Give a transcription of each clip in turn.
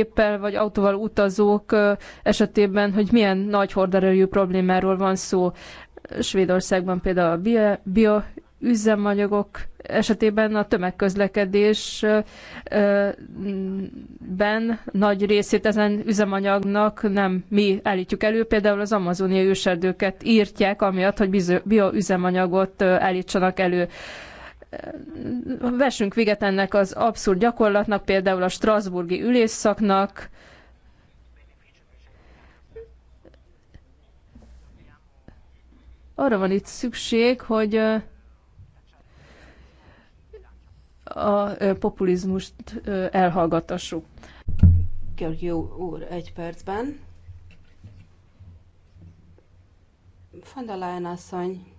géppel vagy autóval utazók esetében, hogy milyen nagy horderejű problémáról van szó. Svédországban például a bio, bio üzemanyagok esetében a tömegközlekedésben nagy részét ezen üzemanyagnak nem mi állítjuk elő, például az amazoniai őserdőket írtják, amiatt, hogy bioüzemanyagot állítsanak elő vessünk véget ennek az abszurd gyakorlatnak, például a Strasburgi ülésszaknak, arra van itt szükség, hogy a populizmust elhallgatassuk. jó úr, egy percben. Van asszony,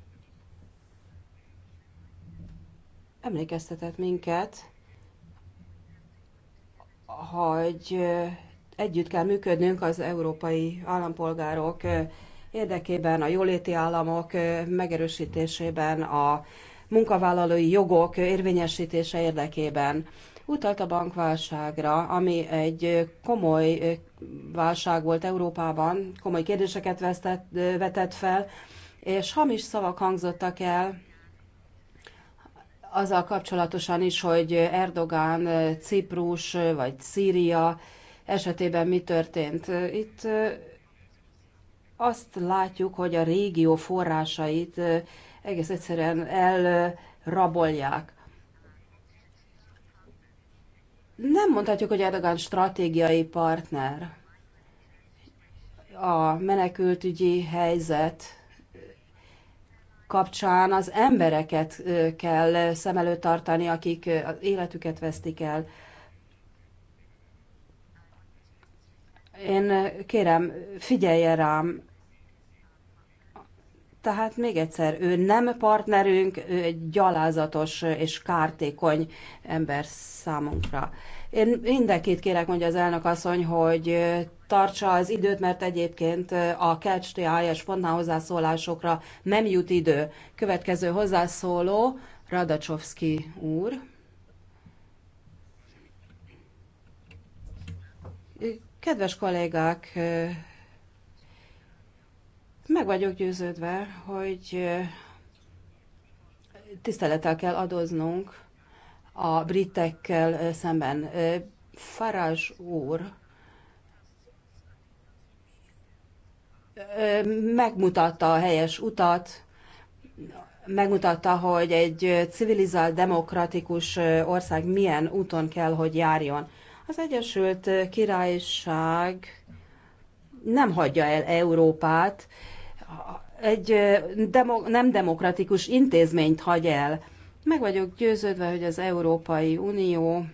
emlékeztetett minket, hogy együtt kell működnünk az európai állampolgárok érdekében, a jóléti államok megerősítésében, a munkavállalói jogok érvényesítése érdekében. Utalt a bankválságra, ami egy komoly válság volt Európában, komoly kérdéseket vetett fel, és hamis szavak hangzottak el azzal kapcsolatosan is, hogy Erdogán, Ciprus vagy Szíria esetében mi történt. Itt azt látjuk, hogy a régió forrásait egész egyszerűen elrabolják. Nem mondhatjuk, hogy Erdogán stratégiai partner. A menekültügyi helyzet kapcsán az embereket kell szem előtt tartani, akik az életüket vesztik el. Én kérem, figyelje rám, tehát még egyszer, ő nem partnerünk, ő egy gyalázatos és kártékony ember számunkra. Én mindenkit kérek, mondja az elnök asszony, hogy tartsa az időt, mert egyébként a catch the és spontán hozzászólásokra nem jut idő. Következő hozzászóló Radacsovszki úr. Kedves kollégák, meg vagyok győződve, hogy tisztelettel kell adoznunk a britekkel szemben. Farage úr megmutatta a helyes utat, megmutatta, hogy egy civilizált, demokratikus ország milyen úton kell, hogy járjon. Az Egyesült Királyság nem hagyja el Európát, egy demo, nem demokratikus intézményt hagy el. Meg vagyok győződve, hogy az Európai Unió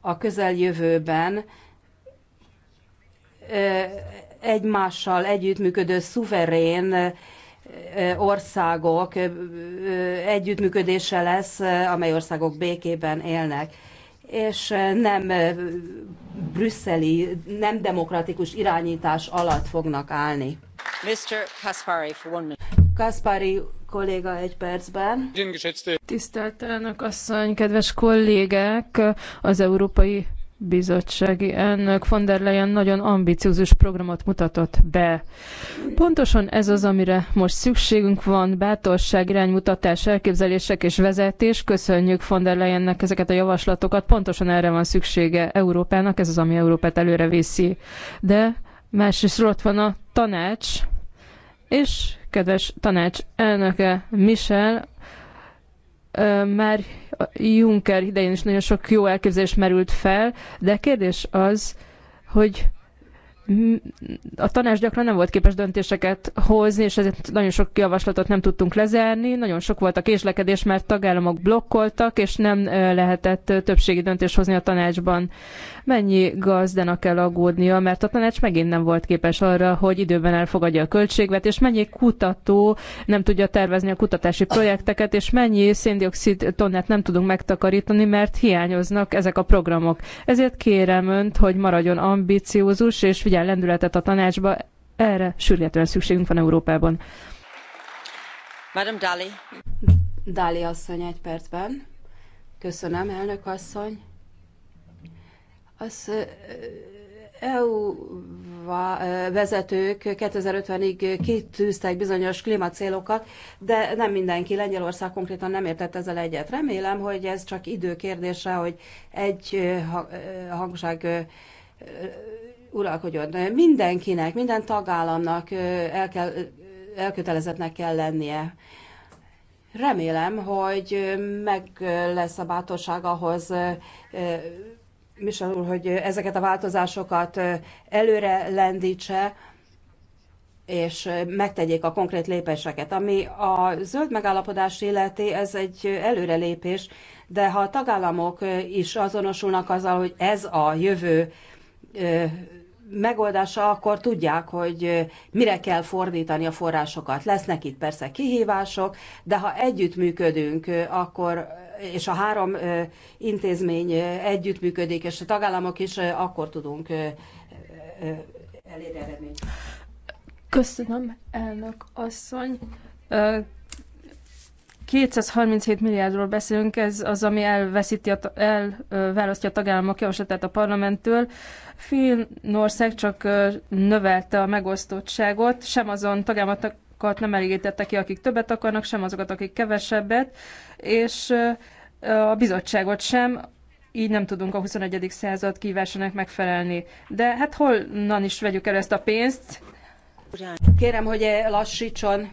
a közeljövőben egymással együttműködő szuverén országok együttműködése lesz, amely országok békében élnek és nem brüsszeli, nem demokratikus irányítás alatt fognak állni. Mr. Kaspari, for one minute. Kaspari kolléga egy percben. Tisztelt elnök asszony, kedves kollégák, az Európai bizottsági elnök von der Leyen nagyon ambiciózus programot mutatott be. Pontosan ez az, amire most szükségünk van, bátorság, iránymutatás, elképzelések és vezetés. Köszönjük von der Leyennek ezeket a javaslatokat. Pontosan erre van szüksége Európának, ez az, ami Európát előre viszi. De másrészt ott van a tanács, és kedves tanács elnöke Michel, már Juncker idején is nagyon sok jó elképzelés merült fel, de kérdés az, hogy a tanács gyakran nem volt képes döntéseket hozni, és ezért nagyon sok javaslatot nem tudtunk lezárni, nagyon sok volt a késlekedés, mert tagállamok blokkoltak, és nem lehetett többségi döntés hozni a tanácsban. Mennyi gazdának kell aggódnia, mert a tanács megint nem volt képes arra, hogy időben elfogadja a és mennyi kutató nem tudja tervezni a kutatási projekteket, és mennyi széndiokszid tonnát nem tudunk megtakarítani, mert hiányoznak ezek a programok. Ezért kérem önt, hogy maradjon ambiciózus, és vigyázzon ilyen lendületet a tanácsba, erre sürgetően szükségünk van Európában. Madame Dali. Dali asszony egy percben. Köszönöm, elnök asszony. Az EU vezetők 2050-ig kitűztek bizonyos klímacélokat, de nem mindenki, Lengyelország konkrétan nem értett ezzel egyet. Remélem, hogy ez csak idő kérdése, hogy egy hangság uralkodjon. Mindenkinek, minden tagállamnak el kell, elkötelezetnek kell lennie. Remélem, hogy meg lesz a bátorság ahhoz, Michel úr, hogy ezeket a változásokat előre lendítse, és megtegyék a konkrét lépéseket. Ami a zöld megállapodás illeti, ez egy előrelépés, de ha a tagállamok is azonosulnak azzal, hogy ez a jövő, megoldása, akkor tudják, hogy mire kell fordítani a forrásokat. Lesznek itt persze kihívások, de ha együttműködünk, akkor és a három intézmény együttműködik, és a tagállamok is, akkor tudunk elérni eredményt. Köszönöm, elnök asszony. 237 milliárdról beszélünk, ez az, ami elveszíti, a, elválasztja a tagállamok javaslatát a parlamenttől. Finnország csak növelte a megosztottságot, sem azon tagállamokat nem elégítette ki, akik többet akarnak, sem azokat, akik kevesebbet, és a bizottságot sem, így nem tudunk a 21. század kívásának megfelelni. De hát honnan is vegyük el ezt a pénzt? Kérem, hogy eh, lassítson.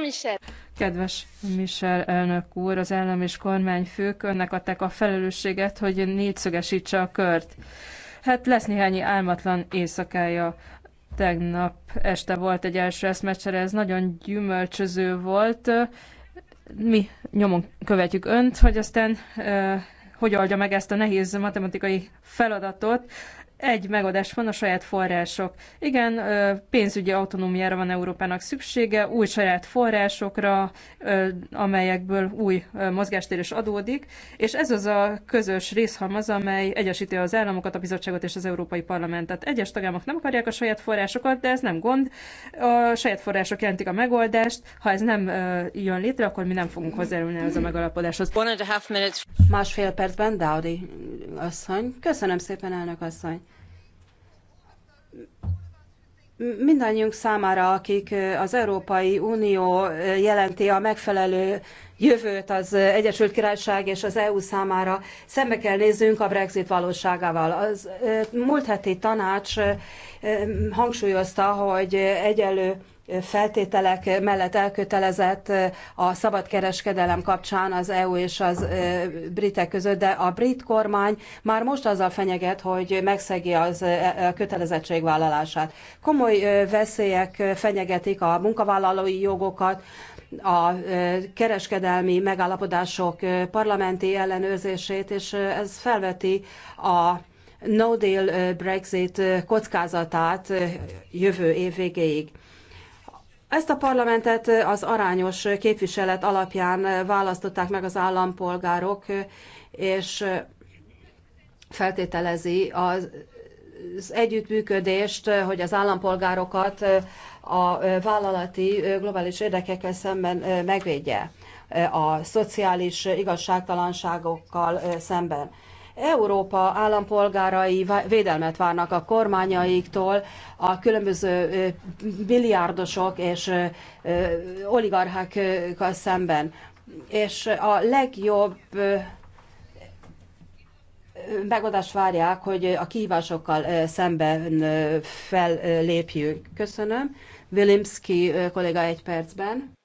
Michel. Kedves Michel elnök úr, az állam és kormányfők önnek adták a felelősséget, hogy négyszögesítse a kört. Hát lesz néhány álmatlan éjszakája. Tegnap este volt egy első eszmecsere, ez nagyon gyümölcsöző volt. Mi nyomon követjük önt, hogy aztán eh, hogy oldja meg ezt a nehéz matematikai feladatot, egy megoldás van a saját források. Igen, pénzügyi autonómiára van Európának szüksége, új saját forrásokra, amelyekből új mozgástér is adódik, és ez az a közös részhalmaz, amely egyesíti az államokat, a bizottságot és az Európai Parlamentet. Egyes tagállamok nem akarják a saját forrásokat, de ez nem gond. A saját források jelentik a megoldást. Ha ez nem jön létre, akkor mi nem fogunk hozzájárulni ez a megalapodáshoz. Másfél percben, Daudi asszony. Köszönöm szépen, elnök asszony mindannyiunk számára, akik eh, az Európai Unió eh, jelenti a megfelelő jövőt az Egyesült Királyság és az EU számára, szembe kell néznünk a Brexit valóságával. Az eh, múlt heti tanács hangsúlyozta, hogy egyelő feltételek mellett elkötelezett a szabadkereskedelem kapcsán az EU és az britek között, de a brit kormány már most azzal fenyeget, hogy megszegi az e, kötelezettségvállalását. Komoly veszélyek fenyegetik a munkavállalói jogokat, a kereskedelmi megállapodások parlamenti ellenőrzését, és ez felveti a no deal Brexit kockázatát jövő év végéig. Ezt a parlamentet az arányos képviselet alapján választották meg az állampolgárok, és feltételezi az együttműködést, hogy az állampolgárokat a vállalati globális érdekekkel szemben megvédje, a szociális igazságtalanságokkal szemben. Európa állampolgárai védelmet várnak a kormányaiktól, a különböző milliárdosok és oligarchákkal szemben. És a legjobb megoldást várják, hogy a kihívásokkal szemben fellépjünk. Köszönöm. Vilimski kolléga egy percben.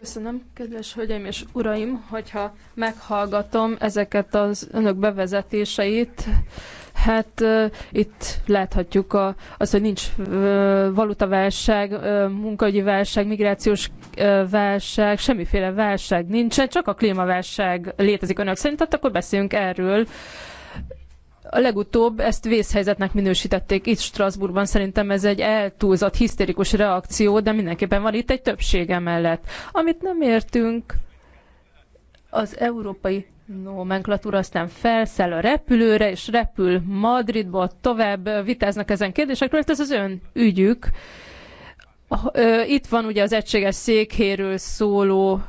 Köszönöm, kedves hölgyeim és uraim, hogyha meghallgatom ezeket az önök bevezetéseit, hát uh, itt láthatjuk a, hogy nincs uh, valutaválság, uh, munkahogyi válság, migrációs uh, válság, semmiféle válság nincsen, csak a klímaválság létezik önök szerint, hát akkor beszéljünk erről. Uh, a legutóbb ezt vészhelyzetnek minősítették itt Strasbourgban, szerintem ez egy eltúlzott, hisztérikus reakció, de mindenképpen van itt egy többsége mellett. Amit nem értünk, az európai nomenklatúra aztán felszáll a repülőre, és repül Madridba tovább vitáznak ezen kérdésekről, hát ez az ön ügyük, Ah, itt van ugye az egységes székhéről szóló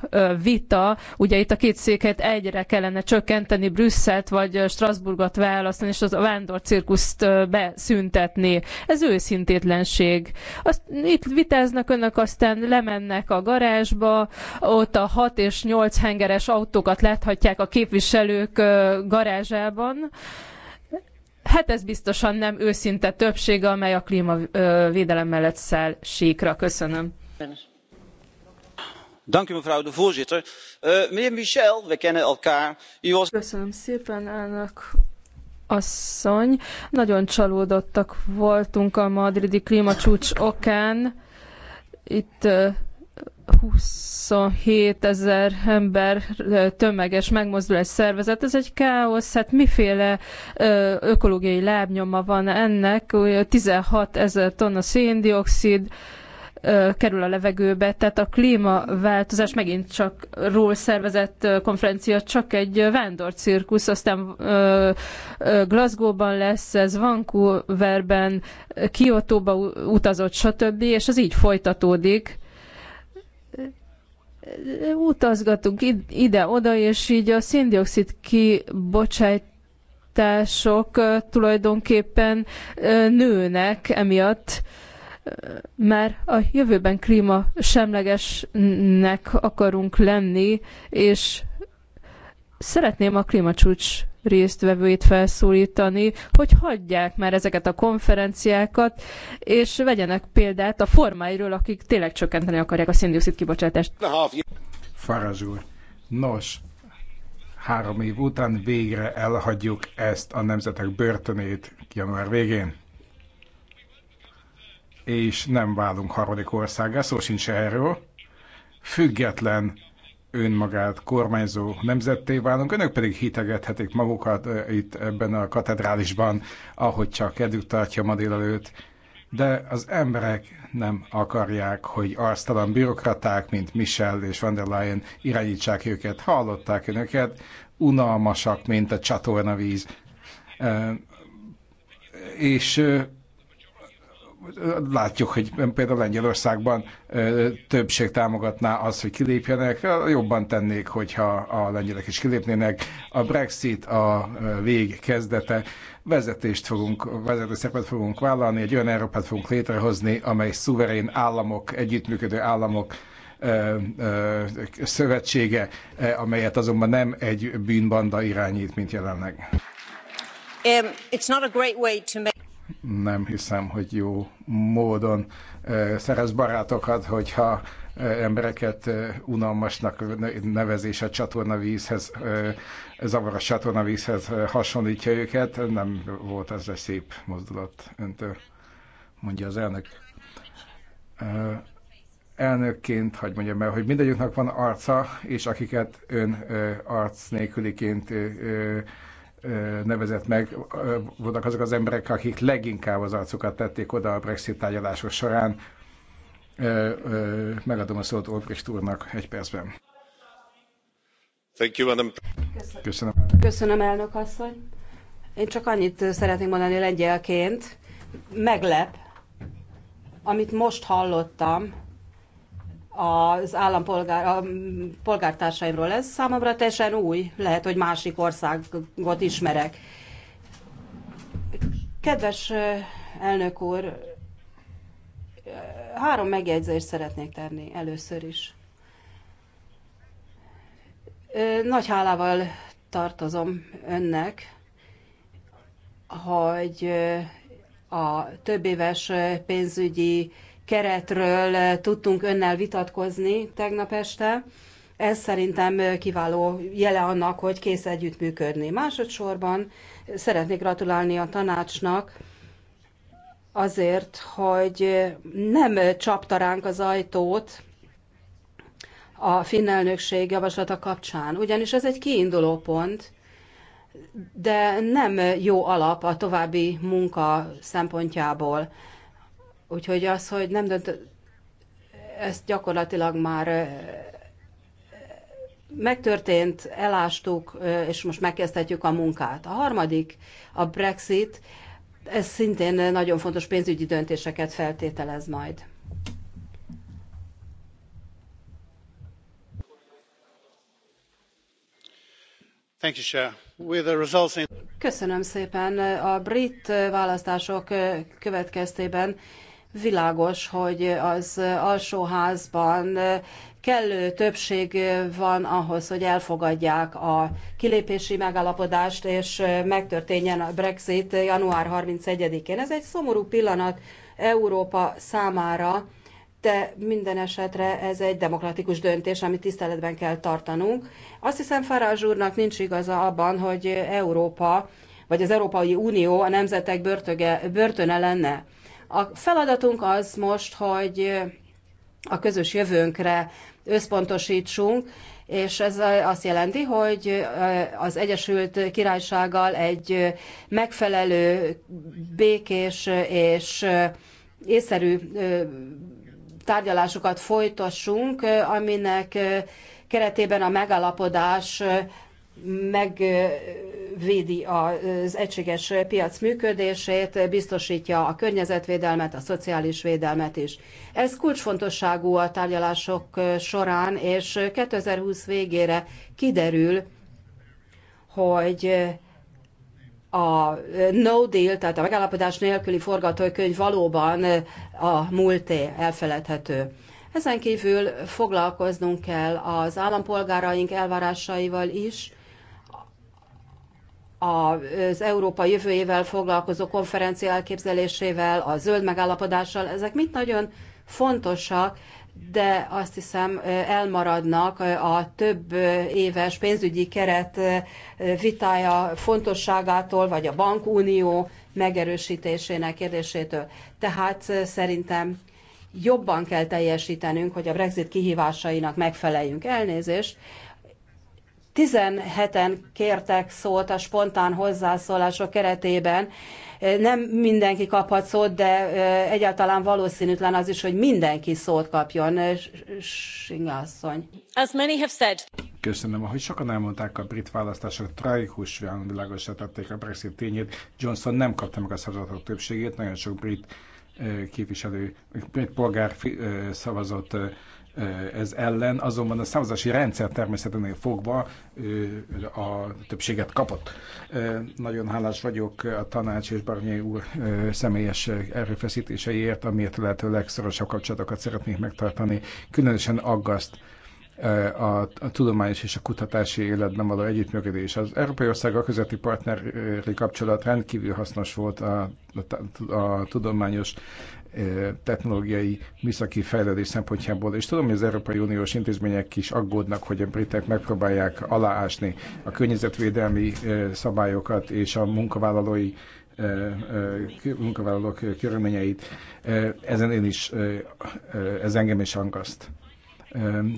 vita, ugye itt a két széket egyre kellene csökkenteni, Brüsszelt vagy Strasbourgot választani, és az a vándorcirkuszt beszüntetni. Ez őszintétlenség. Azt, itt vitáznak önök, aztán lemennek a garázsba, ott a 6 és 8 hengeres autókat láthatják a képviselők garázsában, Hát ez biztosan nem őszinte többsége, amely a klímavédelem mellett száll síkra. Köszönöm. Dank u mevrouw de voorzitter. Eh, meneer Michel, we kennen elkaar. U was... Köszönöm szépen, elnök asszony. Nagyon csalódottak voltunk a madridi klímacsúcs okán. Itt uh, 27 ezer ember tömeges megmozdulás szervezet. Ez egy káosz, hát miféle ökológiai lábnyoma van ennek? 16 ezer tonna széndiokszid, kerül a levegőbe, tehát a klímaváltozás megint csak ról szervezett konferencia, csak egy vándorcirkusz, aztán Glasgow-ban lesz, ez Vancouverben, Kiotóba utazott, stb., és ez így folytatódik utazgatunk ide-oda, és így a széndiokszid kibocsátások tulajdonképpen nőnek emiatt, mert a jövőben klíma semlegesnek akarunk lenni, és szeretném a klímacsúcs résztvevőit felszólítani, hogy hagyják már ezeket a konferenciákat, és vegyenek példát a formáiról, akik tényleg csökkenteni akarják a széndiokszid kibocsátást. Farazs úr, nos, három év után végre elhagyjuk ezt a nemzetek börtönét január végén. És nem válunk harmadik országá, szó sincs erről. Független önmagát kormányzó nemzetté válunk, önök pedig hitegethetik magukat itt ebben a katedrálisban, ahogy csak kedvük tartja ma délelőtt. De az emberek nem akarják, hogy arztalan bürokraták, mint Michel és van der Leyen irányítsák őket. Hallották önöket, unalmasak, mint a csatornavíz. És látjuk, hogy például Lengyelországban többség támogatná azt, hogy kilépjenek, jobban tennék, hogyha a lengyelek is kilépnének. A Brexit a vég kezdete, vezetést fogunk, vezető szerepet fogunk vállalni, egy olyan Európát fogunk létrehozni, amely szuverén államok, együttműködő államok szövetsége, amelyet azonban nem egy bűnbanda irányít, mint jelenleg. Um, it's not a great way to make nem hiszem, hogy jó módon e, szerez barátokat, hogyha e, embereket e, unalmasnak nevezés a csatornavízhez, zavaros csatornavízhez hasonlítja őket. Nem volt ez egy szép mozdulat öntől, mondja az elnök. Elnökként, hogy mondjam el, hogy mindegyiknek van arca, és akiket ön arc nélküliként nevezett meg, voltak azok az emberek, akik leginkább az arcukat tették oda a Brexit tárgyalások során. Megadom a szót Olbrist úrnak egy percben. Thank you, madam. Köszönöm. Köszönöm. Köszönöm, elnök asszony. Én csak annyit szeretnék mondani lengyelként. Meglep, amit most hallottam, az állampolgár, a polgártársaimról. Ez számomra teljesen új, lehet, hogy másik országot ismerek. Kedves elnök úr, három megjegyzést szeretnék tenni először is. Nagy hálával tartozom önnek, hogy a több éves pénzügyi keretről eh, tudtunk önnel vitatkozni tegnap este. Ez szerintem eh, kiváló jele annak, hogy kész együttműködni. Másodszorban szeretnék gratulálni a tanácsnak azért, hogy eh, nem csapta ránk az ajtót a finn elnökség javaslata kapcsán, ugyanis ez egy kiinduló pont, de nem jó alap a további munka szempontjából. Úgyhogy az, hogy nem dönt, ezt gyakorlatilag már megtörtént, elástuk, és most megkezdhetjük a munkát. A harmadik, a Brexit, ez szintén nagyon fontos pénzügyi döntéseket feltételez majd. Köszönöm szépen. A brit választások következtében Világos, hogy az alsóházban kellő többség van ahhoz, hogy elfogadják a kilépési megállapodást, és megtörténjen a Brexit január 31-én. Ez egy szomorú pillanat Európa számára, de minden esetre ez egy demokratikus döntés, amit tiszteletben kell tartanunk. Azt hiszem Farázs úrnak nincs igaza abban, hogy Európa, vagy az Európai Unió a nemzetek börtöge, börtöne lenne. A feladatunk az most, hogy a közös jövőnkre összpontosítsunk, és ez azt jelenti, hogy az Egyesült Királysággal egy megfelelő, békés és észszerű tárgyalásokat folytassunk, aminek keretében a megállapodás megvédi az egységes piac működését, biztosítja a környezetvédelmet, a szociális védelmet is. Ez kulcsfontosságú a tárgyalások során, és 2020 végére kiderül, hogy a no deal, tehát a megállapodás nélküli forgatókönyv valóban a múlté elfeledhető. Ezen kívül foglalkoznunk kell az állampolgáraink elvárásaival is, az Európa jövőjével foglalkozó konferencia elképzelésével, a zöld megállapodással, ezek mind nagyon fontosak, de azt hiszem elmaradnak a több éves pénzügyi keret vitája fontosságától, vagy a bankunió megerősítésének kérdésétől. Tehát szerintem jobban kell teljesítenünk, hogy a Brexit kihívásainak megfeleljünk. Elnézést, 17-en kértek szót a spontán hozzászólások keretében. Nem mindenki kaphat szót, de egyáltalán valószínűtlen az is, hogy mindenki szót kapjon. Singasszony. As many have said. Köszönöm, ahogy sokan elmondták a brit választások tragikus világosra tették a Brexit tényét. Johnson nem kapta meg a szavazatok többségét, nagyon sok brit képviselő, brit polgár szavazott ez ellen, azonban a szavazási rendszer természetesen fogva a többséget kapott. Nagyon hálás vagyok a tanács és Barnyé úr személyes erőfeszítéseiért, amiért lehető legszorosabb kapcsolatokat szeretnék megtartani. Különösen aggaszt a, a tudományos és a kutatási életben való együttműködés. Az Európai Országok közötti partneri kapcsolat rendkívül hasznos volt a, a, a tudományos technológiai műszaki fejlődés szempontjából. És tudom, hogy az Európai Uniós intézmények is aggódnak, hogy a britek megpróbálják aláásni a környezetvédelmi szabályokat és a munkavállalói munkavállalók körülményeit. Ezen én is, ez engem is angaszt.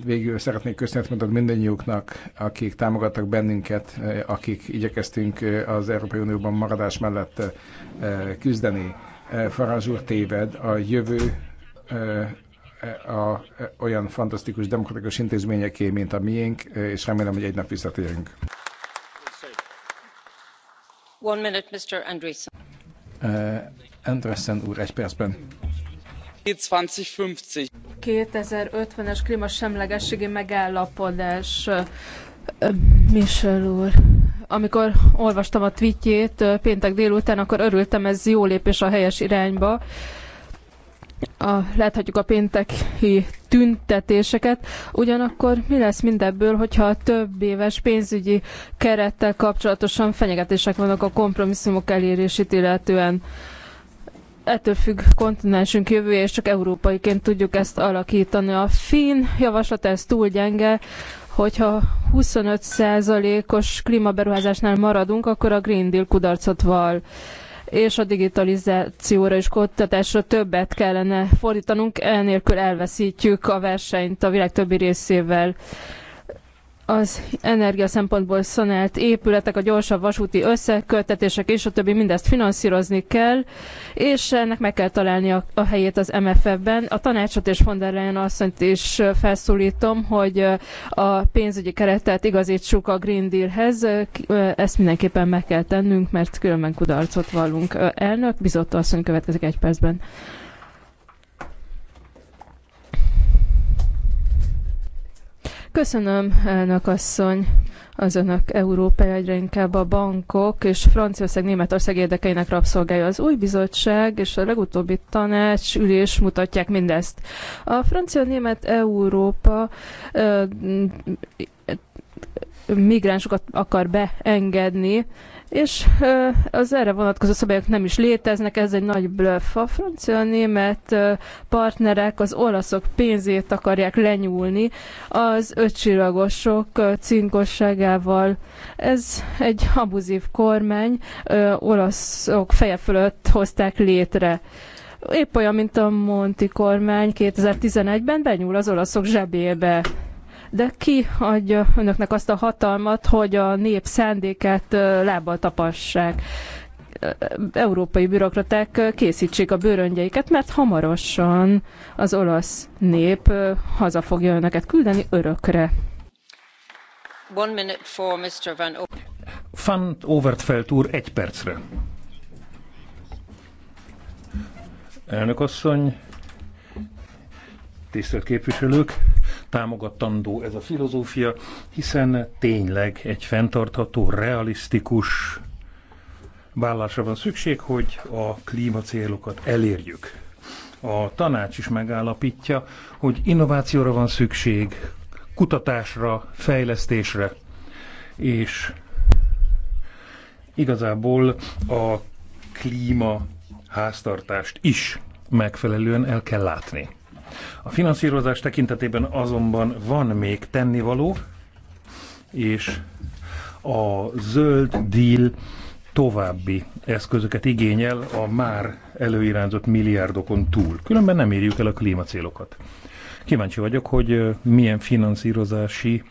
Végül szeretnék köszönet mondani mindannyiuknak, akik támogattak bennünket, akik igyekeztünk az Európai Unióban maradás mellett küzdeni. Faraz úr téved, a jövő a, olyan fantasztikus demokratikus intézményeké, mint a miénk, és remélem, hogy egy nap visszatérünk. One minute, Mr. Andreessen. Uh, Andreessen úr, egy percben. 2050. 2050-es klímasemlegességi megállapodás. Michel úr, amikor olvastam a tweetjét péntek délután, akkor örültem, ez jó lépés a helyes irányba. A, láthatjuk a pénteki tüntetéseket. Ugyanakkor mi lesz mindebből, hogyha a több éves pénzügyi kerettel kapcsolatosan fenyegetések vannak a kompromisszumok elérését illetően? ettől függ kontinensünk jövője, és csak európaiként tudjuk ezt alakítani. A finn javaslat ez túl gyenge, hogyha 25%-os klímaberuházásnál maradunk, akkor a Green Deal kudarcot val és a digitalizációra és kutatásra többet kellene fordítanunk, enélkül elveszítjük a versenyt a világ többi részével az energia szempontból szanált épületek, a gyorsabb vasúti összeköltetések és a többi, mindezt finanszírozni kell, és ennek meg kell találni a, a helyét az MFF-ben. A tanácsot és von der Leyen asszonyt is felszólítom, hogy a pénzügyi keretet igazítsuk a Green Dealhez. Ezt mindenképpen meg kell tennünk, mert különben kudarcot vallunk. Elnök, bizott asszony következik egy percben. Köszönöm, elnök asszony. Az önök Európája egyre inkább a bankok és Franciaország, Németország érdekeinek rabszolgája. Az új bizottság és a legutóbbi tanács ülés mutatják mindezt. A francia-német Európa ö, migránsokat akar beengedni, és az erre vonatkozó szabályok nem is léteznek, ez egy nagy bluff. A francia-német partnerek az olaszok pénzét akarják lenyúlni az ötcsillagosok cinkosságával. Ez egy abuzív kormány, olaszok feje fölött hozták létre. Épp olyan, mint a Monti kormány 2011-ben benyúl az olaszok zsebébe de ki adja önöknek azt a hatalmat, hogy a nép szándékát lábbal tapassák? európai bürokraták készítsék a bőröngyeiket, mert hamarosan az olasz nép haza fogja önöket küldeni örökre. One minute for Mr. Van, o- Van Overtfeld úr egy percre. Elnök asszony, tisztelt képviselők, támogatandó ez a filozófia, hiszen tényleg egy fenntartható, realisztikus vállásra van szükség, hogy a klímacélokat elérjük. A tanács is megállapítja, hogy innovációra van szükség, kutatásra, fejlesztésre, és igazából a klíma háztartást is megfelelően el kell látni. A finanszírozás tekintetében azonban van még tennivaló, és a zöld deal további eszközöket igényel a már előirányzott milliárdokon túl. Különben nem érjük el a klímacélokat. Kíváncsi vagyok, hogy milyen finanszírozási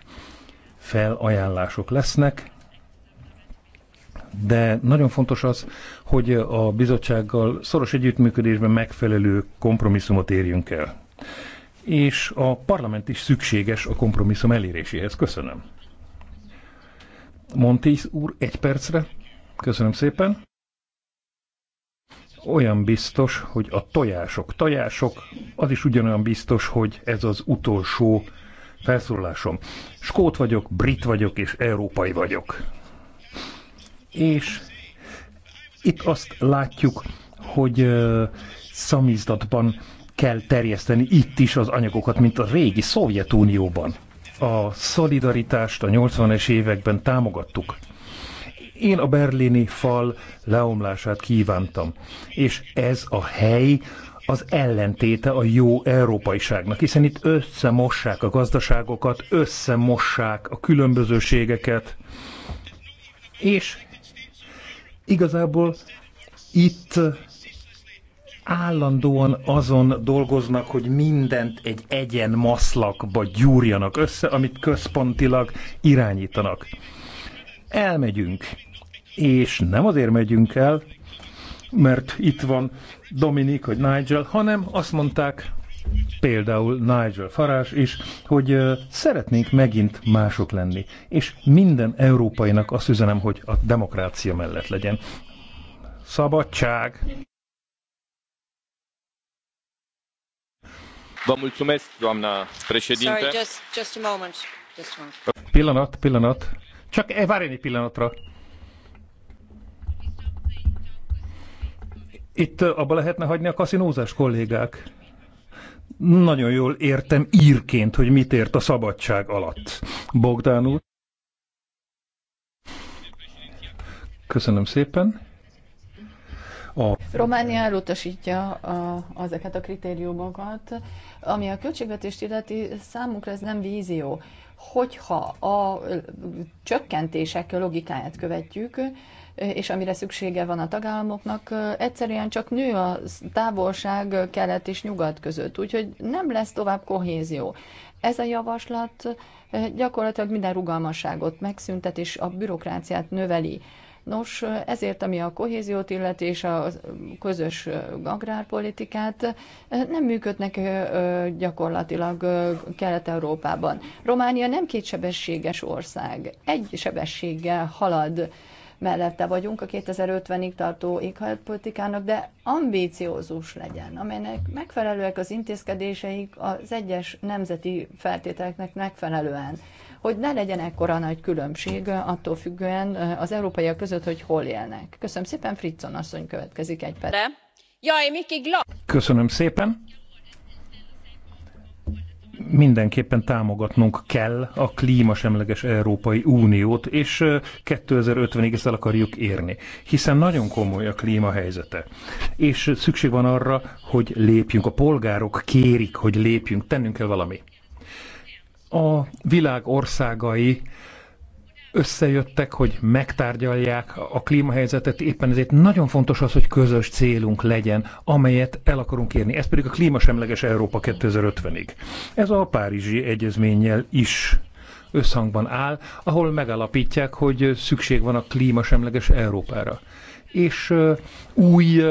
felajánlások lesznek, de nagyon fontos az, hogy a bizottsággal szoros együttműködésben megfelelő kompromisszumot érjünk el és a parlament is szükséges a kompromisszum eléréséhez. Köszönöm. Montis úr, egy percre. Köszönöm szépen. Olyan biztos, hogy a tojások, tojások, az is ugyanolyan biztos, hogy ez az utolsó felszólásom. Skót vagyok, brit vagyok és európai vagyok. És itt azt látjuk, hogy uh, szamizdatban kell terjeszteni itt is az anyagokat, mint a régi Szovjetunióban. A szolidaritást a 80-es években támogattuk. Én a berlini fal leomlását kívántam, és ez a hely az ellentéte a jó európaiságnak, hiszen itt összemossák a gazdaságokat, összemossák a különbözőségeket, és igazából itt állandóan azon dolgoznak, hogy mindent egy egyen maszlakba gyúrjanak össze, amit központilag irányítanak. Elmegyünk, és nem azért megyünk el, mert itt van Dominik vagy Nigel, hanem azt mondták, például Nigel Farage is, hogy szeretnénk megint mások lenni. És minden európainak azt üzenem, hogy a demokrácia mellett legyen. Szabadság! Sorry, just just a moment, doamnă președintă. Pillanat, pillanat. Csak e várjon egy pillanatra. Itt abba lehetne hagyni a kaszinózás kollégák. Nagyon jól értem írként, hogy mit ért a szabadság alatt. Bogdán úr. Köszönöm szépen a... Románia elutasítja a, azeket a kritériumokat. Ami a költségvetést illeti, számukra ez nem vízió. Hogyha a csökkentések logikáját követjük, és amire szüksége van a tagállamoknak, egyszerűen csak nő a távolság kelet és nyugat között, úgyhogy nem lesz tovább kohézió. Ez a javaslat gyakorlatilag minden rugalmasságot megszüntet, és a bürokráciát növeli. Nos, ezért, ami a kohéziót illeti és a közös agrárpolitikát, nem működnek gyakorlatilag Kelet-Európában. Románia nem kétsebességes ország, egy sebességgel halad mellette vagyunk a 2050-ig tartó éghajlatpolitikának, de ambíciózus legyen, amelynek megfelelőek az intézkedéseik az egyes nemzeti feltételeknek megfelelően hogy ne legyen ekkora nagy különbség attól függően az európaiak között, hogy hol élnek. Köszönöm szépen, Fritzon asszony következik egy perc. Köszönöm szépen. Mindenképpen támogatnunk kell a klímasemleges Európai Uniót, és 2050-ig ezt el akarjuk érni, hiszen nagyon komoly a klíma helyzete. És szükség van arra, hogy lépjünk. A polgárok kérik, hogy lépjünk, tennünk kell valami a világ országai összejöttek, hogy megtárgyalják a klímahelyzetet, éppen ezért nagyon fontos az, hogy közös célunk legyen, amelyet el akarunk érni. Ez pedig a klímasemleges Európa 2050-ig. Ez a Párizsi Egyezménnyel is összhangban áll, ahol megalapítják, hogy szükség van a klímasemleges Európára. És új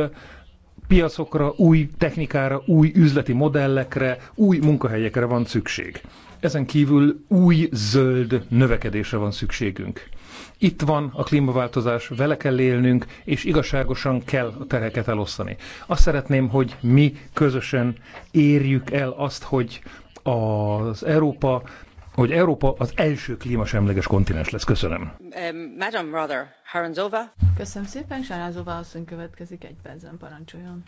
piacokra, új technikára, új üzleti modellekre, új munkahelyekre van szükség. Ezen kívül új zöld növekedésre van szükségünk. Itt van a klímaváltozás, vele kell élnünk, és igazságosan kell a terheket elosztani. Azt szeretném, hogy mi közösen érjük el azt, hogy az Európa hogy Európa az első klímasemleges kontinens lesz. Köszönöm. Um, Madam Rother, Haranzova. Köszönöm szépen, Sarázova asszony következik, egy percen parancsoljon.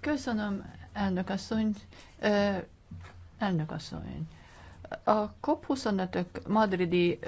Köszönöm, elnök asszony. Elnök asszony, a COP25 madridi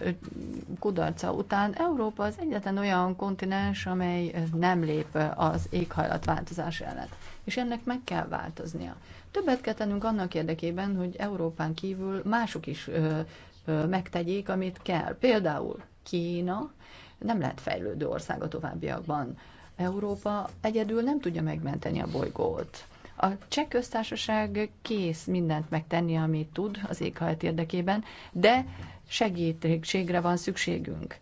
kudarca után Európa az egyetlen olyan kontinens, amely nem lép az éghajlatváltozás ellen, és ennek meg kell változnia. Többet kell tennünk annak érdekében, hogy Európán kívül mások is ö, ö, megtegyék, amit kell. Például Kína nem lehet fejlődő ország a továbbiakban. Európa egyedül nem tudja megmenteni a bolygót a cseh köztársaság kész mindent megtenni, amit tud az éghajlat érdekében, de segítségre van szükségünk.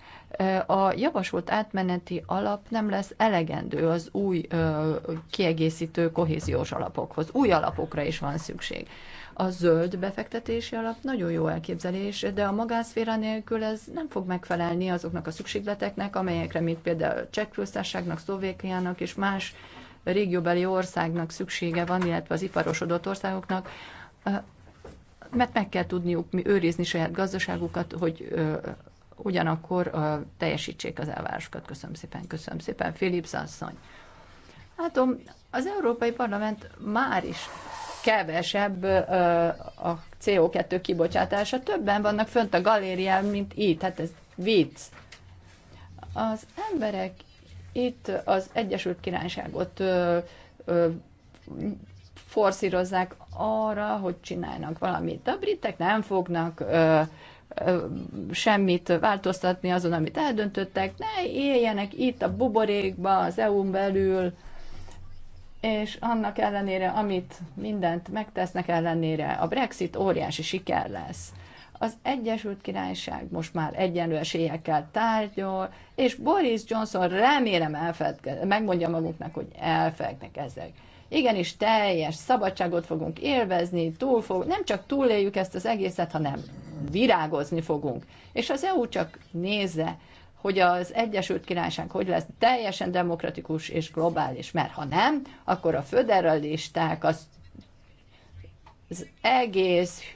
A javasolt átmeneti alap nem lesz elegendő az új kiegészítő kohéziós alapokhoz. Új alapokra is van szükség. A zöld befektetési alap nagyon jó elképzelés, de a magánszféra nélkül ez nem fog megfelelni azoknak a szükségleteknek, amelyekre, mint például Csekkfőszárságnak, Szlovékiának és más régióbeli országnak szüksége van, illetve az iparosodott országoknak, mert meg kell tudniuk mi őrizni saját gazdaságukat, hogy ugyanakkor teljesítsék az elvárásokat. Köszönöm szépen, köszönöm szépen, Philips asszony. Látom, az Európai Parlament már is kevesebb a CO2 kibocsátása. Többen vannak fönt a galérián, mint itt. Hát ez vicc. Az emberek itt az Egyesült Királyságot ö, ö, forszírozzák arra, hogy csinálnak valamit. A britek nem fognak ö, ö, semmit változtatni azon, amit eldöntöttek. Ne éljenek itt a buborékba, az EU-n belül, és annak ellenére, amit mindent megtesznek ellenére, a Brexit óriási siker lesz az Egyesült Királyság most már egyenlő esélyekkel tárgyal, és Boris Johnson remélem elfedke, megmondja maguknak, hogy elfeknek ezek. Igenis teljes szabadságot fogunk élvezni, túl fog, nem csak túléljük ezt az egészet, hanem virágozni fogunk. És az EU csak nézze, hogy az Egyesült Királyság hogy lesz teljesen demokratikus és globális, mert ha nem, akkor a föderalisták az, az egész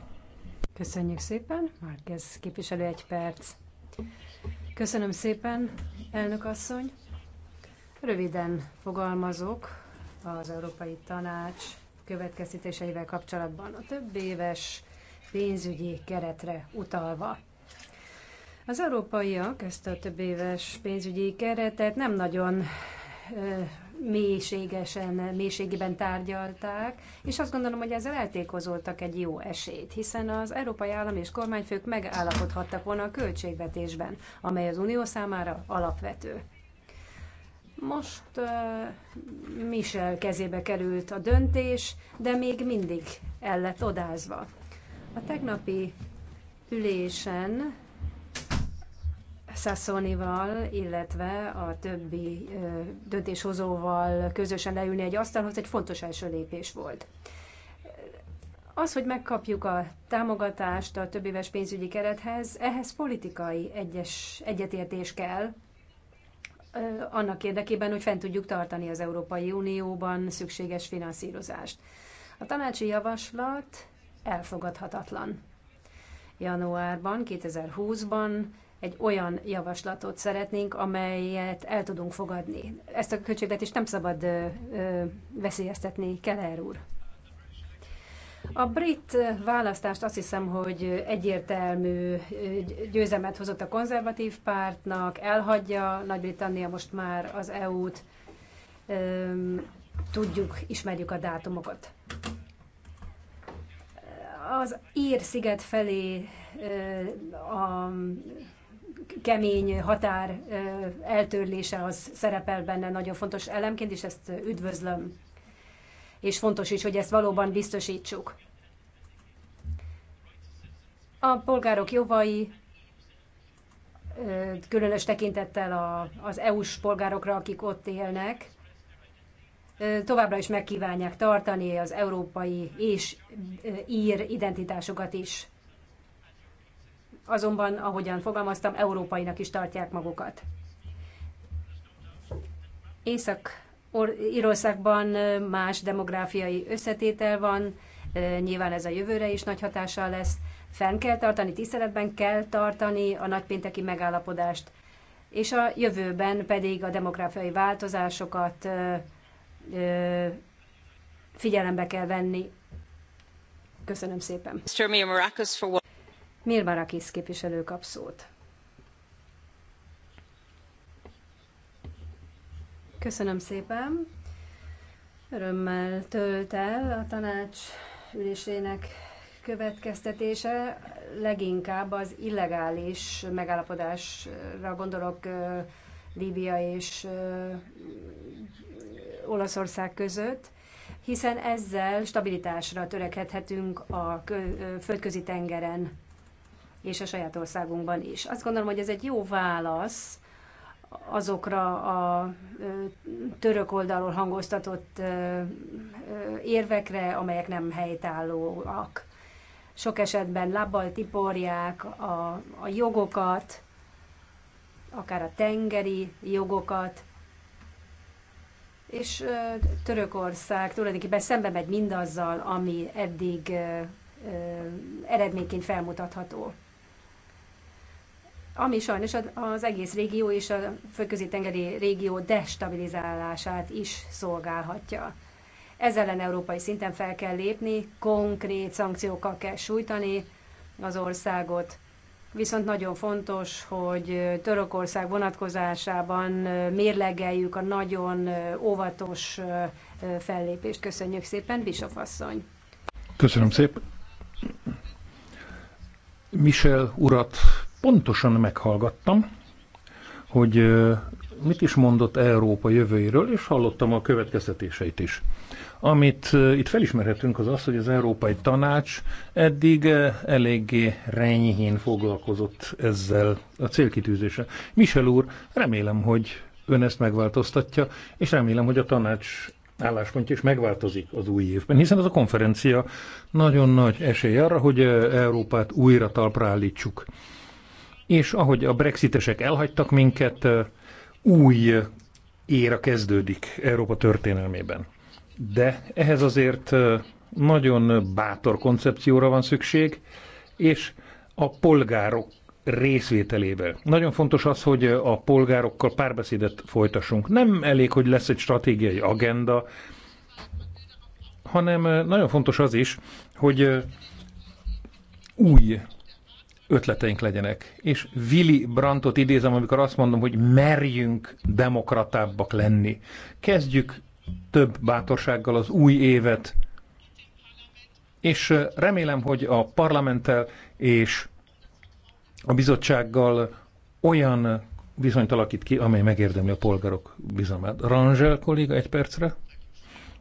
Köszönjük szépen. Márkez képviselő egy perc. Köszönöm szépen, elnök asszony. Röviden fogalmazok az Európai Tanács következtetéseivel kapcsolatban a több éves pénzügyi keretre utalva. Az európaiak ezt a több éves pénzügyi keretet nem nagyon mélységesen, mélységében tárgyalták, és azt gondolom, hogy ezzel eltékozoltak egy jó esélyt, hiszen az európai állam és kormányfők megállapodhattak volna a költségvetésben, amely az unió számára alapvető. Most uh, Michel kezébe került a döntés, de még mindig el lett odázva. A tegnapi ülésen Sassonival, illetve a többi döntéshozóval közösen leülni egy asztalhoz egy fontos első lépés volt. Az, hogy megkapjuk a támogatást a éves pénzügyi kerethez, ehhez politikai egyes, egyetértés kell, annak érdekében, hogy fent tudjuk tartani az Európai Unióban szükséges finanszírozást. A tanácsi javaslat elfogadhatatlan. Januárban, 2020-ban egy olyan javaslatot szeretnénk, amelyet el tudunk fogadni. Ezt a költségvetést nem szabad ö, ö, veszélyeztetni, Keller úr. A brit választást azt hiszem, hogy egyértelmű győzelmet hozott a konzervatív pártnak, elhagyja Nagy-Britannia most már az EU-t, tudjuk, ismerjük a dátumokat. Az Ír sziget felé a kemény határ eltörlése az szerepel benne nagyon fontos elemként, és ezt üdvözlöm. És fontos is, hogy ezt valóban biztosítsuk. A polgárok jogai, különös tekintettel a, az EU-s polgárokra, akik ott élnek, továbbra is megkívánják tartani az európai és ír identitásukat is azonban, ahogyan fogalmaztam, európainak is tartják magukat. Észak-Írországban más demográfiai összetétel van, nyilván ez a jövőre is nagy hatással lesz. Fenn kell tartani, tiszteletben kell tartani a nagypénteki megállapodást, és a jövőben pedig a demográfiai változásokat figyelembe kell venni. Köszönöm szépen. Milbarakis képviselő kap szót. Köszönöm szépen. Örömmel tölt el a tanács ülésének következtetése. Leginkább az illegális megállapodásra gondolok Líbia és Olaszország között, hiszen ezzel stabilitásra törekedhetünk a földközi tengeren és a saját országunkban is. Azt gondolom, hogy ez egy jó válasz azokra a török oldalról hangoztatott érvekre, amelyek nem helytállóak. Sok esetben lábbal tiporják a, a jogokat, akár a tengeri jogokat, és Törökország tulajdonképpen szembe megy mindazzal, ami eddig eredményként felmutatható ami sajnos az egész régió és a földközi-tengeri régió destabilizálását is szolgálhatja. Ez ellen európai szinten fel kell lépni, konkrét szankciókkal kell sújtani az országot. Viszont nagyon fontos, hogy Törökország vonatkozásában mérlegeljük a nagyon óvatos fellépést. Köszönjük szépen, Bishop asszony. Köszönöm szépen. Michel urat pontosan meghallgattam, hogy mit is mondott Európa jövőjéről, és hallottam a következtetéseit is. Amit itt felismerhetünk az az, hogy az Európai Tanács eddig eléggé renyhén foglalkozott ezzel a célkitűzéssel. Michel úr, remélem, hogy ön ezt megváltoztatja, és remélem, hogy a tanács álláspontja is megváltozik az új évben, hiszen ez a konferencia nagyon nagy esély arra, hogy Európát újra talpra állítsuk és ahogy a brexitesek elhagytak minket, új éra kezdődik Európa történelmében. De ehhez azért nagyon bátor koncepcióra van szükség, és a polgárok részvételével. Nagyon fontos az, hogy a polgárokkal párbeszédet folytassunk. Nem elég, hogy lesz egy stratégiai agenda, hanem nagyon fontos az is, hogy új ötleteink legyenek. És Willy Brandtot idézem, amikor azt mondom, hogy merjünk demokratábbak lenni. Kezdjük több bátorsággal az új évet, és remélem, hogy a parlamenttel és a bizottsággal olyan viszonyt alakít ki, amely megérdemli a polgárok bizalmát. Rangel kolléga, egy percre.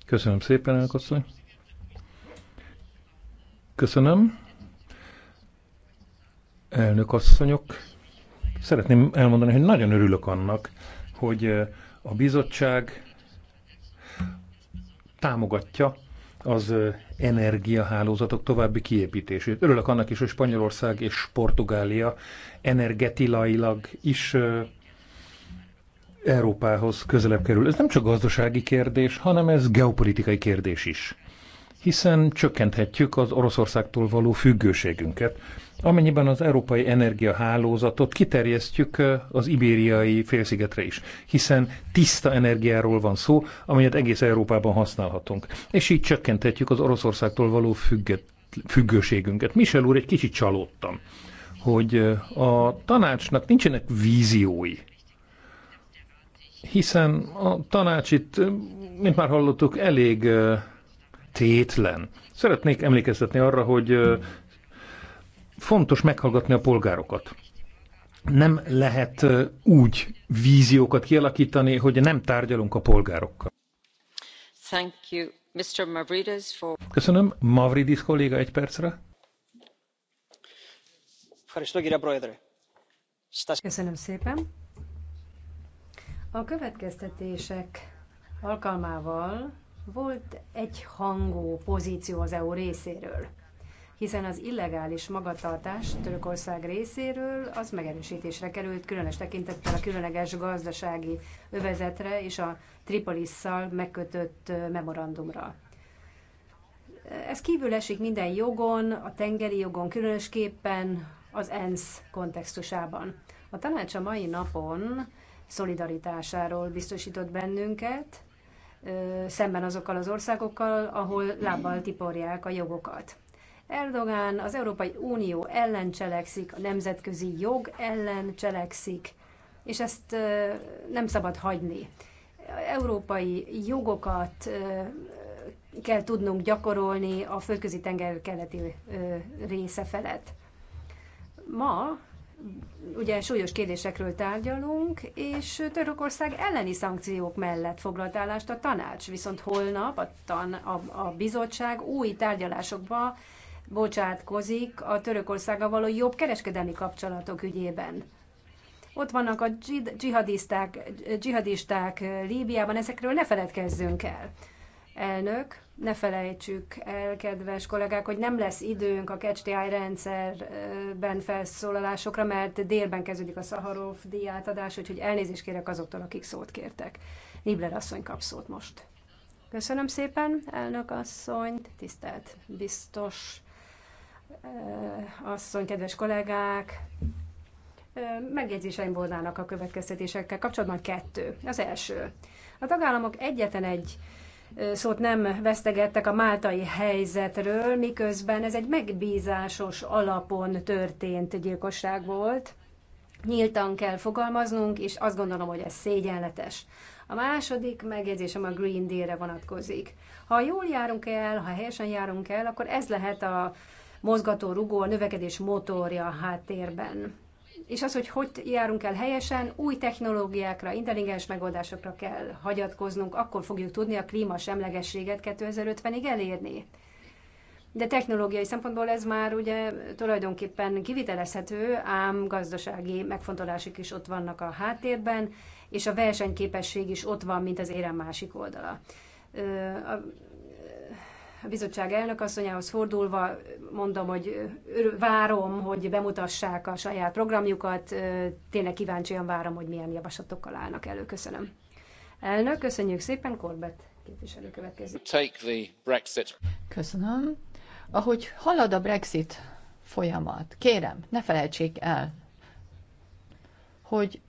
Köszönöm szépen, elkosszony. Köszönöm. Elnök asszonyok, szeretném elmondani, hogy nagyon örülök annak, hogy a bizottság támogatja az energiahálózatok további kiépítését. Örülök annak is, hogy Spanyolország és Portugália energetilailag is Európához közelebb kerül. Ez nem csak gazdasági kérdés, hanem ez geopolitikai kérdés is hiszen csökkenthetjük az Oroszországtól való függőségünket, amennyiben az európai energiahálózatot kiterjesztjük az ibériai félszigetre is, hiszen tiszta energiáról van szó, amelyet egész Európában használhatunk. És így csökkenthetjük az Oroszországtól való függet, függőségünket. Michel úr, egy kicsit csalódtam, hogy a tanácsnak nincsenek víziói hiszen a tanács itt, mint már hallottuk, elég tétlen. Szeretnék emlékeztetni arra, hogy fontos meghallgatni a polgárokat. Nem lehet úgy víziókat kialakítani, hogy nem tárgyalunk a polgárokkal. Thank you. Mr. Mavridis for... Köszönöm. Mavridis kolléga egy percre. Köszönöm szépen. A következtetések alkalmával volt egy hangú pozíció az EU részéről, hiszen az illegális magatartás Törökország részéről az megerősítésre került, különös tekintettel a különleges gazdasági övezetre és a Tripolisszal megkötött memorandumra. Ez kívül esik minden jogon, a tengeri jogon különösképpen, az ENSZ kontextusában. A tanács a mai napon szolidaritásáról biztosított bennünket, szemben azokkal az országokkal, ahol lábbal tiporják a jogokat. Erdogán az Európai Unió ellen cselekszik, a nemzetközi jog ellen cselekszik, és ezt nem szabad hagyni. Európai jogokat kell tudnunk gyakorolni a földközi tenger keleti része felett. Ma ugye súlyos kérdésekről tárgyalunk, és Törökország elleni szankciók mellett foglalt állást a tanács, viszont holnap a, tan, a, a bizottság új tárgyalásokba bocsátkozik a Törökországa való jobb kereskedelmi kapcsolatok ügyében. Ott vannak a dzsihadisták, dzsihadisták Líbiában, ezekről ne feledkezzünk el. Elnök, ne felejtsük el, kedves kollégák, hogy nem lesz időnk a KCTI rendszerben felszólalásokra, mert délben kezdődik a Szaharov díjátadás, úgyhogy elnézést kérek azoktól, akik szót kértek. Nibler asszony kap szót most. Köszönöm szépen, elnök asszony, tisztelt biztos eh, asszony, kedves kollégák. Eh, megjegyzéseim volnának a következtetésekkel kapcsolatban kettő. Az első. A tagállamok egyetlen egy szót nem vesztegettek a máltai helyzetről, miközben ez egy megbízásos alapon történt gyilkosság volt. Nyíltan kell fogalmaznunk, és azt gondolom, hogy ez szégyenletes. A második megjegyzésem a Green Deal-re vonatkozik. Ha jól járunk el, ha helyesen járunk el, akkor ez lehet a mozgató rugó, a növekedés motorja a háttérben és az, hogy hogy járunk el helyesen, új technológiákra, intelligens megoldásokra kell hagyatkoznunk, akkor fogjuk tudni a semlegességet 2050-ig elérni. De technológiai szempontból ez már ugye tulajdonképpen kivitelezhető, ám gazdasági megfontolások is ott vannak a háttérben, és a versenyképesség is ott van, mint az érem másik oldala a bizottság elnökasszonyához fordulva mondom, hogy várom, hogy bemutassák a saját programjukat, tényleg kíváncsian várom, hogy milyen javaslatokkal állnak elő. Köszönöm. Elnök, köszönjük szépen, Korbett képviselő következik. Take the Brexit. Köszönöm. Ahogy halad a Brexit folyamat, kérem, ne felejtsék el, hogy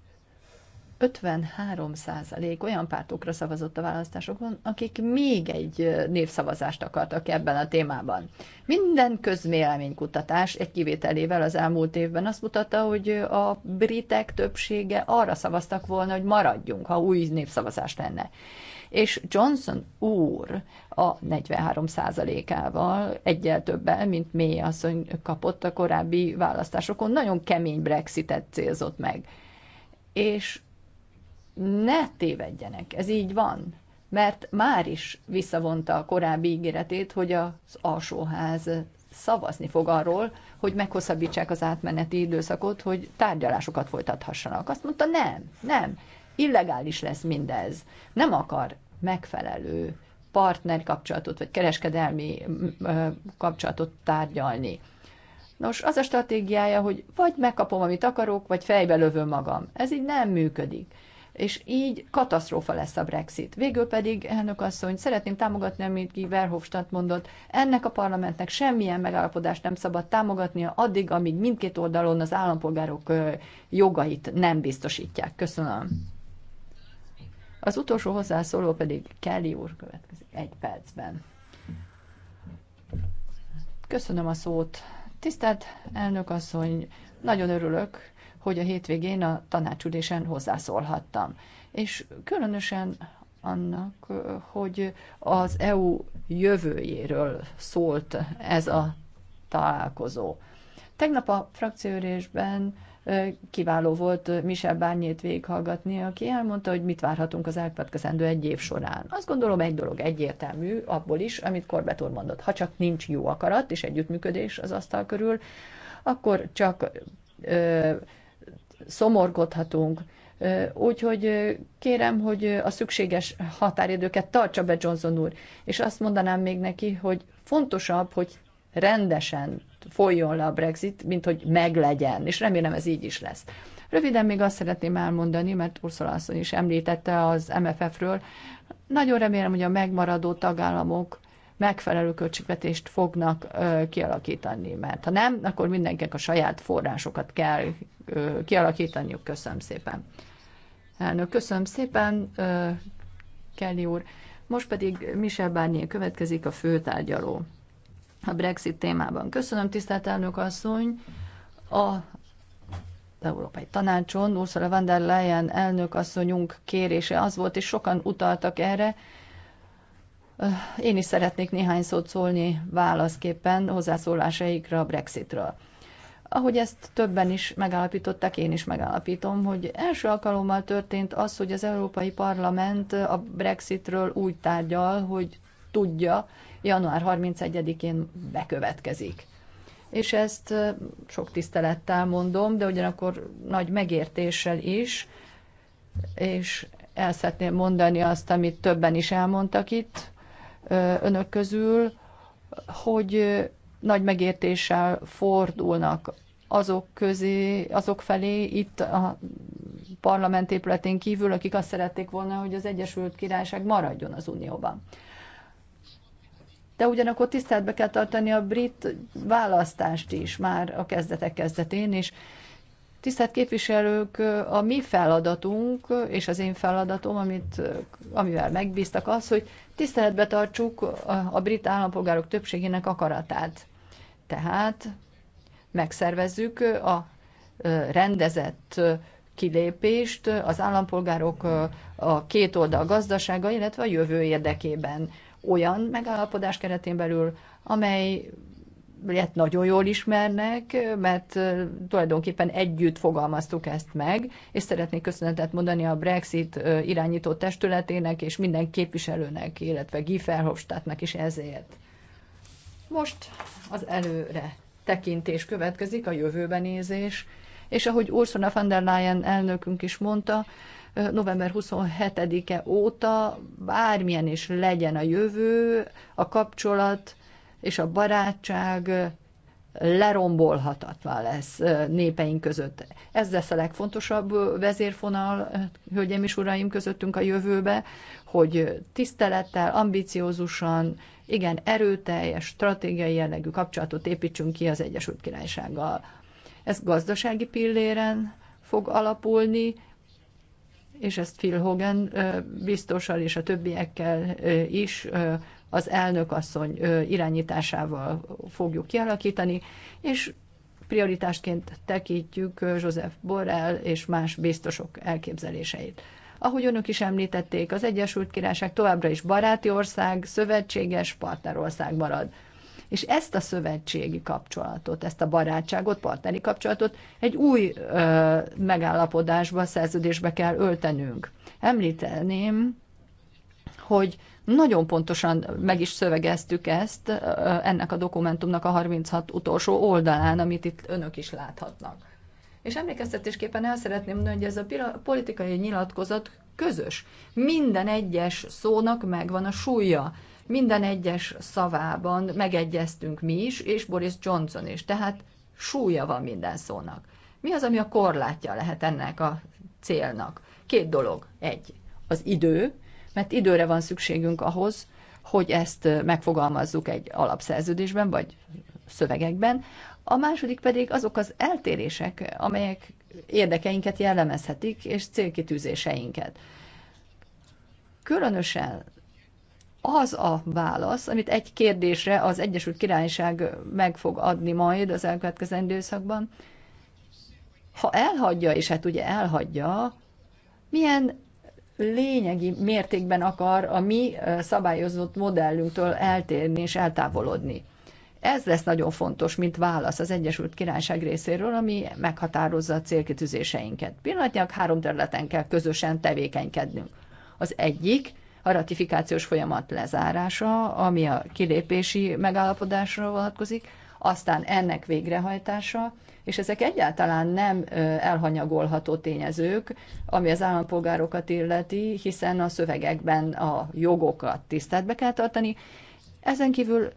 53% olyan pártokra szavazott a választásokon, akik még egy népszavazást akartak ebben a témában. Minden közméleménykutatás egy kivételével az elmúlt évben azt mutatta, hogy a britek többsége arra szavaztak volna, hogy maradjunk, ha új népszavazás lenne. És Johnson úr a 43 százalékával egyel többel, mint mély asszony kapott a korábbi választásokon, nagyon kemény Brexitet célzott meg. És ne tévedjenek, ez így van, mert már is visszavonta a korábbi ígéretét, hogy az alsóház szavazni fog arról, hogy meghosszabbítsák az átmeneti időszakot, hogy tárgyalásokat folytathassanak. Azt mondta, nem, nem, illegális lesz mindez. Nem akar megfelelő partner kapcsolatot, vagy kereskedelmi kapcsolatot tárgyalni. Nos, az a stratégiája, hogy vagy megkapom, amit akarok, vagy fejbe lövöm magam. Ez így nem működik és így katasztrófa lesz a Brexit. Végül pedig, elnök asszony, szeretném támogatni, amit Guy Verhofstadt mondott, ennek a parlamentnek semmilyen megállapodást nem szabad támogatnia addig, amíg mindkét oldalon az állampolgárok jogait nem biztosítják. Köszönöm. Az utolsó hozzászóló pedig Kelly úr következik egy percben. Köszönöm a szót. Tisztelt elnök asszony, nagyon örülök, hogy a hétvégén a tanácsülésen hozzászólhattam. És különösen annak, hogy az EU jövőjéről szólt ez a találkozó. Tegnap a frakcióérésben kiváló volt Michel Bárnyét végighallgatni, aki elmondta, hogy mit várhatunk az elkövetkezendő egy év során. Azt gondolom egy dolog egyértelmű, abból is, amit Korbett úr mondott. Ha csak nincs jó akarat és együttműködés az asztal körül, akkor csak ö, szomorkodhatunk. Úgyhogy kérem, hogy a szükséges határidőket tartsa be Johnson úr, és azt mondanám még neki, hogy fontosabb, hogy rendesen folyjon le a Brexit, mint hogy meglegyen, és remélem ez így is lesz. Röviden még azt szeretném elmondani, mert Ursula asszony is említette az MFF-ről, nagyon remélem, hogy a megmaradó tagállamok megfelelő költségvetést fognak ö, kialakítani, mert ha nem, akkor mindenkinek a saját forrásokat kell kialakítaniuk. Köszönöm szépen. Elnök, köszönöm szépen, Kelly úr. Most pedig Michel Barnier következik a főtárgyaló a Brexit témában. Köszönöm, tisztelt elnök asszony. A az Európai Tanácson Ursula von der Leyen elnök asszonyunk kérése az volt, és sokan utaltak erre. Én is szeretnék néhány szót szólni válaszképpen hozzászólásaikra a Brexitről. Ahogy ezt többen is megállapították, én is megállapítom, hogy első alkalommal történt az, hogy az Európai Parlament a Brexitről úgy tárgyal, hogy tudja, január 31-én bekövetkezik. És ezt sok tisztelettel mondom, de ugyanakkor nagy megértéssel is, és el szeretném mondani azt, amit többen is elmondtak itt önök közül, hogy nagy megértéssel fordulnak azok közé, azok felé itt a parlament épületén kívül, akik azt szerették volna, hogy az Egyesült Királyság maradjon az Unióban. De ugyanakkor tiszteletbe kell tartani a brit választást is már a kezdetek kezdetén, és tisztelt képviselők, a mi feladatunk, és az én feladatom, amit, amivel megbíztak az, hogy tiszteletbe tartsuk a brit állampolgárok többségének akaratát tehát megszervezzük a rendezett kilépést az állampolgárok a két oldal gazdasága, illetve a jövő érdekében olyan megállapodás keretén belül, amely lehet nagyon jól ismernek, mert tulajdonképpen együtt fogalmaztuk ezt meg, és szeretnék köszönetet mondani a Brexit irányító testületének és minden képviselőnek, illetve Guy Verhofstadtnak is ezért. Most az előre tekintés következik, a jövőbe nézés, és ahogy Ursula von der Leyen elnökünk is mondta, november 27-e óta bármilyen is legyen a jövő, a kapcsolat és a barátság lerombolhatatlan lesz népeink között. Ez lesz a legfontosabb vezérfonal, hölgyeim és uraim, közöttünk a jövőbe, hogy tisztelettel, ambiciózusan, igen erőteljes, stratégiai jellegű kapcsolatot építsünk ki az Egyesült Királysággal. Ez gazdasági pilléren fog alapulni, és ezt Phil Hogan biztossal és a többiekkel is az elnökasszony irányításával fogjuk kialakítani, és prioritásként tekintjük Joseph Borrell és más biztosok elképzeléseit. Ahogy önök is említették, az Egyesült Királyság továbbra is baráti ország, szövetséges partnerország marad. És ezt a szövetségi kapcsolatot, ezt a barátságot, partneri kapcsolatot egy új ö, megállapodásba, szerződésbe kell öltenünk. Említeném, hogy nagyon pontosan meg is szövegeztük ezt ennek a dokumentumnak a 36 utolsó oldalán, amit itt önök is láthatnak. És emlékeztetésképpen el szeretném mondani, hogy ez a politikai nyilatkozat közös. Minden egyes szónak megvan a súlya. Minden egyes szavában megegyeztünk mi is, és Boris Johnson is. Tehát súlya van minden szónak. Mi az, ami a korlátja lehet ennek a célnak? Két dolog. Egy, az idő, mert időre van szükségünk ahhoz, hogy ezt megfogalmazzuk egy alapszerződésben, vagy szövegekben a második pedig azok az eltérések, amelyek érdekeinket jellemezhetik, és célkitűzéseinket. Különösen az a válasz, amit egy kérdésre az Egyesült Királyság meg fog adni majd az elkövetkező időszakban, ha elhagyja, és hát ugye elhagyja, milyen lényegi mértékben akar a mi szabályozott modellünktől eltérni és eltávolodni. Ez lesz nagyon fontos, mint válasz az Egyesült Királyság részéről, ami meghatározza a célkitűzéseinket. Pillanatnyilag három területen kell közösen tevékenykednünk. Az egyik a ratifikációs folyamat lezárása, ami a kilépési megállapodásra vonatkozik, aztán ennek végrehajtása, és ezek egyáltalán nem elhanyagolható tényezők, ami az állampolgárokat illeti, hiszen a szövegekben a jogokat tiszteletbe kell tartani. Ezen kívül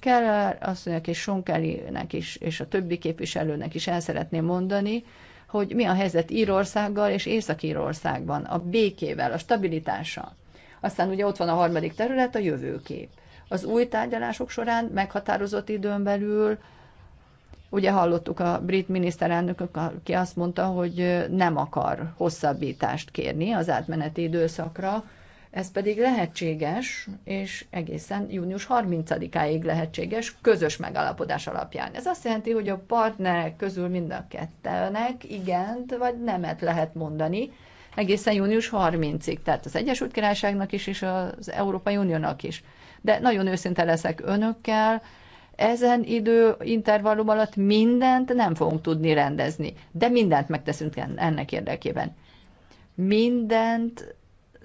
Keller asszonynak és Sonkelinek is, és a többi képviselőnek is el szeretném mondani, hogy mi a helyzet Írországgal és Észak-Írországban, a békével, a stabilitással. Aztán ugye ott van a harmadik terület, a jövőkép. Az új tárgyalások során meghatározott időn belül, ugye hallottuk a brit miniszterelnökök, aki azt mondta, hogy nem akar hosszabbítást kérni az átmeneti időszakra, ez pedig lehetséges, és egészen június 30-áig lehetséges közös megalapodás alapján. Ez azt jelenti, hogy a partnerek közül mind a kettőnek igent vagy nemet lehet mondani, egészen június 30-ig, tehát az Egyesült Királyságnak is, és az Európai Uniónak is. De nagyon őszinte leszek önökkel, ezen idő intervallum alatt mindent nem fogunk tudni rendezni, de mindent megteszünk ennek érdekében. Mindent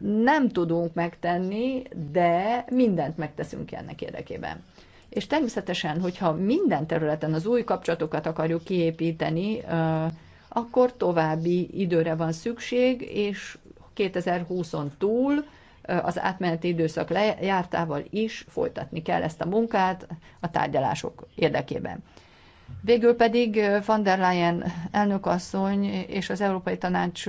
nem tudunk megtenni, de mindent megteszünk ennek érdekében. És természetesen, hogyha minden területen az új kapcsolatokat akarjuk kiépíteni, akkor további időre van szükség, és 2020-on túl az átmeneti időszak lejártával is folytatni kell ezt a munkát a tárgyalások érdekében. Végül pedig van der Leyen elnökasszony és az Európai Tanács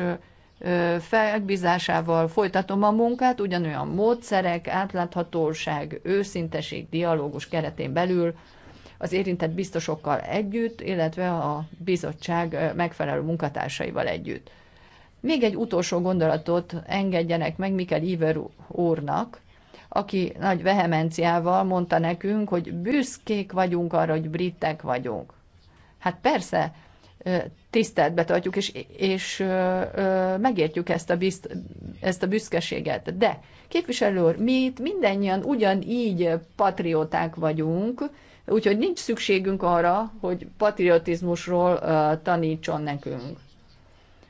felbízásával folytatom a munkát, ugyanolyan módszerek, átláthatóság, őszinteség, dialógus keretén belül az érintett biztosokkal együtt, illetve a bizottság megfelelő munkatársaival együtt. Még egy utolsó gondolatot engedjenek meg mikkel Iver úrnak, aki nagy vehemenciával mondta nekünk, hogy büszkék vagyunk arra, hogy britek vagyunk. Hát persze, tiszteletbe tartjuk, és, és megértjük ezt a, bizt, ezt a büszkeséget. De képviselő úr, mi itt mindannyian ugyanígy patrióták vagyunk, úgyhogy nincs szükségünk arra, hogy patriotizmusról tanítson nekünk.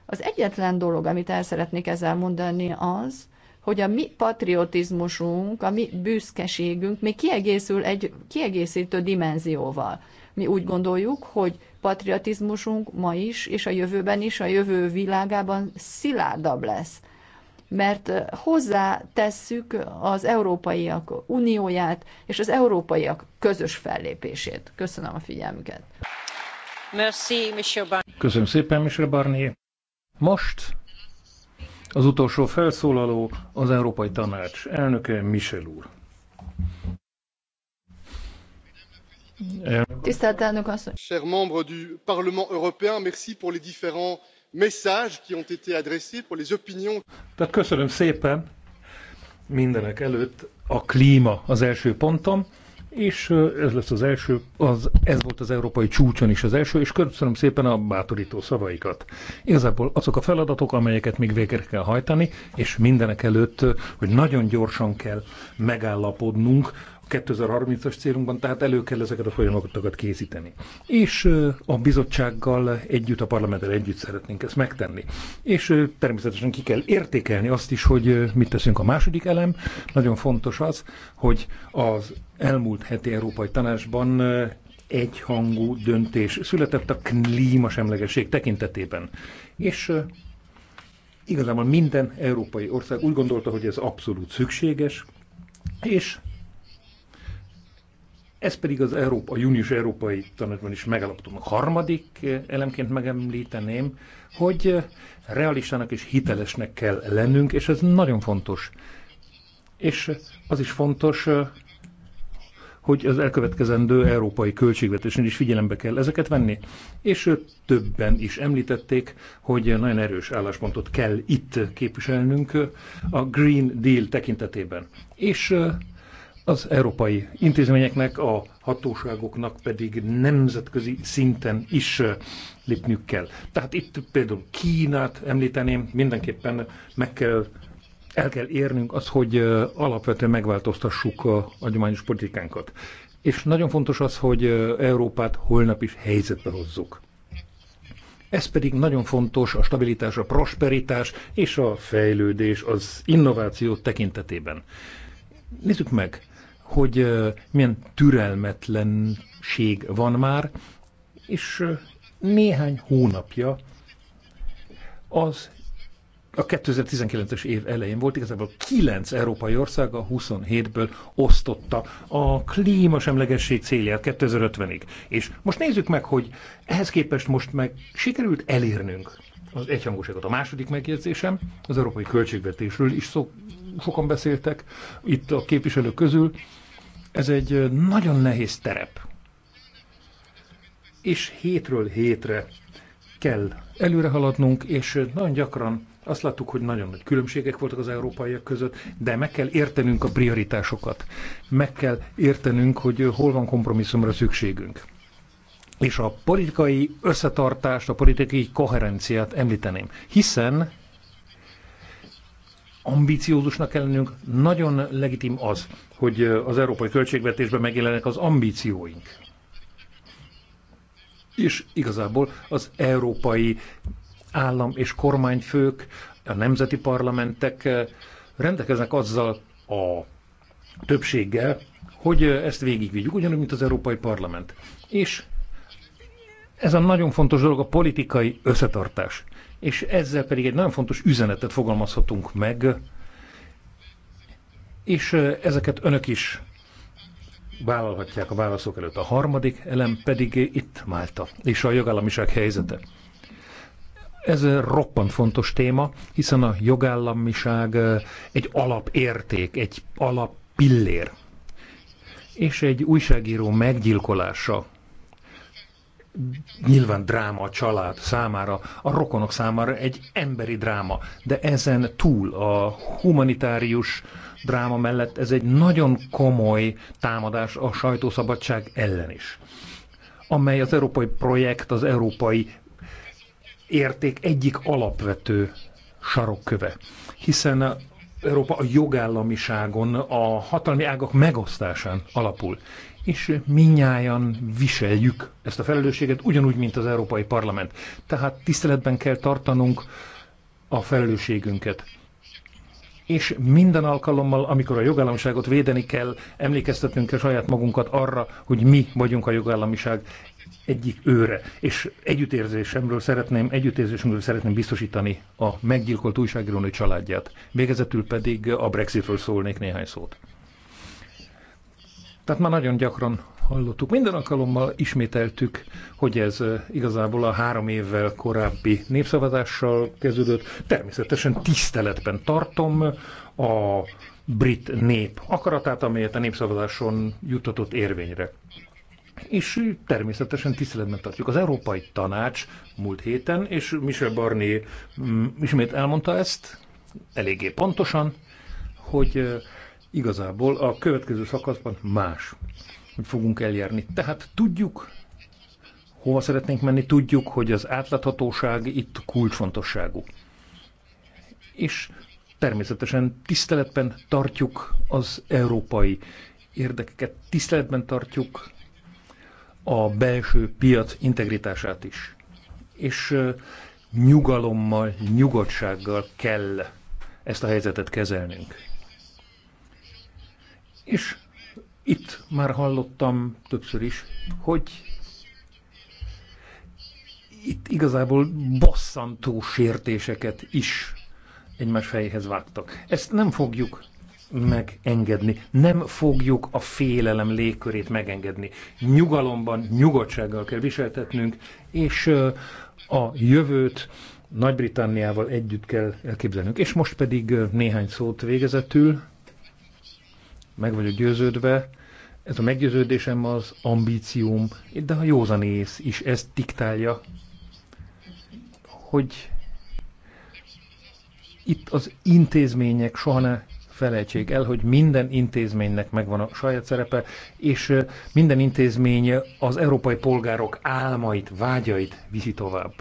Az egyetlen dolog, amit el szeretnék ezzel mondani, az, hogy a mi patriotizmusunk, a mi büszkeségünk még kiegészül egy kiegészítő dimenzióval. Mi úgy gondoljuk, hogy patriotizmusunk ma is, és a jövőben is, a jövő világában szilárdabb lesz. Mert hozzá tesszük az Európaiak unióját és az európaiak közös fellépését. Köszönöm a figyelmüket. Merci, Köszönöm szépen, Michel Barnier. Most az utolsó felszólaló az Európai Tanács elnöke Michel úr tisztelt elnök asszony! chers membres du parlement européen merci pour les différents messages qui ont été adressés pour les opinions. tehát köszönöm szépen mindenekelőtt a klma az első pontom, és ez lesz az első, az, ez volt az európai csúcson is az első, és köszönöm szépen a bátorító szavaikat. Igazából azok a feladatok, amelyeket még végre kell hajtani, és mindenek előtt, hogy nagyon gyorsan kell megállapodnunk 2030-as célunkban, tehát elő kell ezeket a folyamatokat készíteni. És a bizottsággal együtt, a parlamenttel együtt szeretnénk ezt megtenni. És természetesen ki kell értékelni azt is, hogy mit teszünk a második elem. Nagyon fontos az, hogy az elmúlt heti Európai Tanácsban egyhangú döntés született a klímasemlegesség tekintetében. És igazából minden európai ország úgy gondolta, hogy ez abszolút szükséges, és ez pedig az Európa, a június Európai Tanácsban is megalapítom. A harmadik eh, elemként megemlíteném, hogy eh, realistának és hitelesnek kell lennünk, és ez nagyon fontos. És eh, az is fontos, hogy az elkövetkezendő európai költségvetésnél is figyelembe kell ezeket venni. És többen is említették, hogy nagyon erős álláspontot kell itt képviselnünk a Green Deal tekintetében. És az európai intézményeknek, a hatóságoknak pedig nemzetközi szinten is lépniük kell. Tehát itt például Kínát említeném, mindenképpen meg kell, el kell érnünk az, hogy alapvetően megváltoztassuk a hagyományos politikánkat. És nagyon fontos az, hogy Európát holnap is helyzetbe hozzuk. Ez pedig nagyon fontos a stabilitás, a prosperitás és a fejlődés, az innováció tekintetében. Nézzük meg, hogy milyen türelmetlenség van már, és néhány hónapja az a 2019-es év elején volt, igazából 9 európai ország a 27-ből osztotta a klímasemlegesség célját 2050-ig. És most nézzük meg, hogy ehhez képest most meg sikerült elérnünk az egyhangúságot. A második megjegyzésem az európai költségvetésről is szok, sokan beszéltek itt a képviselők közül. Ez egy nagyon nehéz terep. És hétről hétre kell előre haladnunk, és nagyon gyakran azt láttuk, hogy nagyon nagy különbségek voltak az európaiak között, de meg kell értenünk a prioritásokat. Meg kell értenünk, hogy hol van kompromisszumra szükségünk és a politikai összetartást, a politikai koherenciát említeném. Hiszen ambíciózusnak ellenünk nagyon legitim az, hogy az európai költségvetésben megjelenek az ambícióink. És igazából az európai állam és kormányfők, a nemzeti parlamentek rendelkeznek azzal a többséggel, hogy ezt végigvigyük, ugyanúgy, mint az Európai Parlament. És ez a nagyon fontos dolog a politikai összetartás. És ezzel pedig egy nagyon fontos üzenetet fogalmazhatunk meg, és ezeket önök is vállalhatják a válaszok előtt. A harmadik elem pedig itt Málta, és a jogállamiság helyzete. Ez roppant fontos téma, hiszen a jogállamiság egy alapérték, egy alap pillér, És egy újságíró meggyilkolása nyilván dráma a család számára, a rokonok számára egy emberi dráma, de ezen túl a humanitárius dráma mellett ez egy nagyon komoly támadás a sajtószabadság ellen is, amely az európai projekt, az európai érték egyik alapvető sarokköve. Hiszen Európa a jogállamiságon, a hatalmi ágak megosztásán alapul és minnyáján viseljük ezt a felelősséget, ugyanúgy, mint az Európai Parlament. Tehát tiszteletben kell tartanunk a felelősségünket. És minden alkalommal, amikor a jogállamiságot védeni kell, emlékeztetnünk kell saját magunkat arra, hogy mi vagyunk a jogállamiság egyik őre. És együttérzésemről szeretném, együttérzésemről szeretném biztosítani a meggyilkolt újságírónő családját. Végezetül pedig a Brexitről szólnék néhány szót. Tehát már nagyon gyakran hallottuk. Minden alkalommal ismételtük, hogy ez eh, igazából a három évvel korábbi népszavazással kezdődött. Természetesen tiszteletben tartom a brit nép akaratát, amelyet a népszavazáson juttatott érvényre. És természetesen tiszteletben tartjuk. Az Európai Tanács múlt héten, és Michel Barnier mm, ismét elmondta ezt, eléggé pontosan, hogy eh, igazából a következő szakaszban más, fogunk eljárni. Tehát tudjuk, hova szeretnénk menni, tudjuk, hogy az átláthatóság itt kulcsfontosságú. És természetesen tiszteletben tartjuk az európai érdekeket, tiszteletben tartjuk a belső piac integritását is. És nyugalommal, nyugodtsággal kell ezt a helyzetet kezelnünk. És itt már hallottam többször is, hogy itt igazából bosszantó sértéseket is egymás fejéhez vágtak. Ezt nem fogjuk megengedni. Nem fogjuk a félelem légkörét megengedni. Nyugalomban, nyugodtsággal kell viseltetnünk, és a jövőt Nagy-Britanniával együtt kell elképzelnünk. És most pedig néhány szót végezetül meg vagyok győződve, ez a meggyőződésem az ambícióm, de a józanész is ezt diktálja, hogy itt az intézmények soha ne felejtsék el, hogy minden intézménynek megvan a saját szerepe, és minden intézmény az európai polgárok álmait, vágyait viszi tovább.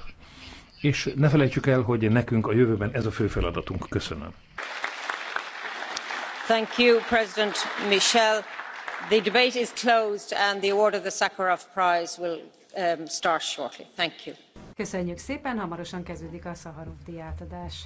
És ne felejtsük el, hogy nekünk a jövőben ez a fő feladatunk. Köszönöm president michel. the debate is closed and the award of the sakharov prize will um, start shortly. köszönjük szépen hamarosan kezdődik a szaharov díj átadás.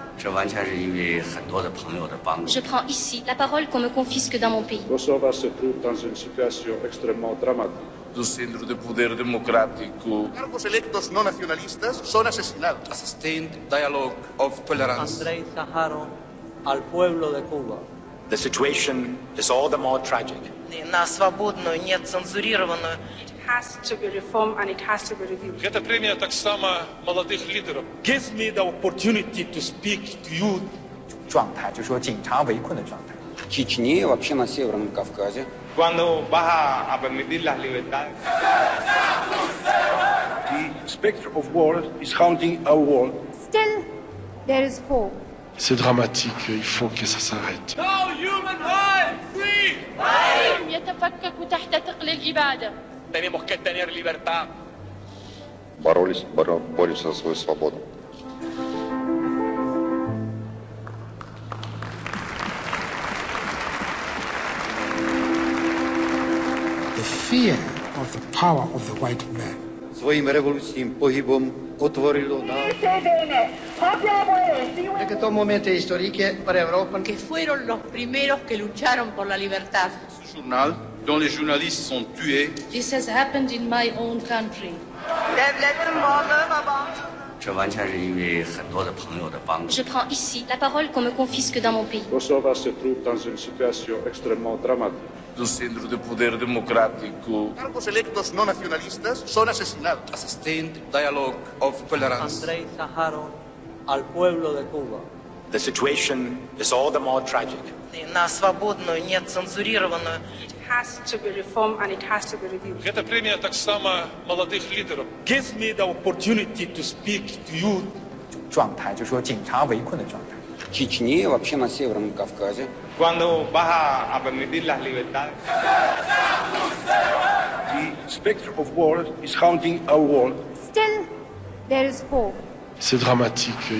这完全是因为很多的朋友的帮助。Je prends ici la parole qu'on me confisque dans mon pays. Kosova se trouve dans une situation extrêmement dramatique. do Centro de Poder Democrático. Cargos electos no nacionalistas son asesinados. A sustained dialogue of tolerance. Andrei Saharov al pueblo de Cuba. The situation is all the more tragic. На свободную, нецензурированную Гэта прэмія таксама маладых лідараў. Gives me the opportunity to speak to you. 状态就是说警察围困的状态。Чечне, вообще на Северном Кавказе. Cuando vas a permitir las libertades. The specter of war is haunting our world. Still, there is hope. C'est dramatique, il faut que ça s'arrête. No human rights! Free! يتفكك تحت تقل Tenemos que tener libertad. Боролись, боро, борются за свою свободу. The fear of the power of the white man. Svojim revolučným pohybom otvorilo na... En estos momentos históricos para Europa. Que fueron los primeros que lucharon por la libertad. Su dont les journalistes sont tués. This has happened in my own country. Je prends ici la parole qu'on me confisque dans mon pays. Kosovo se trouve dans une situation extrêmement dramatique. Do centro de poder democrático. Cargos electos no nacionalistas son asesinados. A sustained dialogue of tolerance. Andrei Saharov al pueblo de Cuba. The situation is all the more tragic. На свободную, нет цензурированную Гэта прэмія таксама маладых лідараў. Give me the opportunity to speak to you. Чечне, вообще на Северном Кавказе. Cuando baja a permitir las libertades. The specter of war is haunting our world. Still, there is hope. C'est dramatique.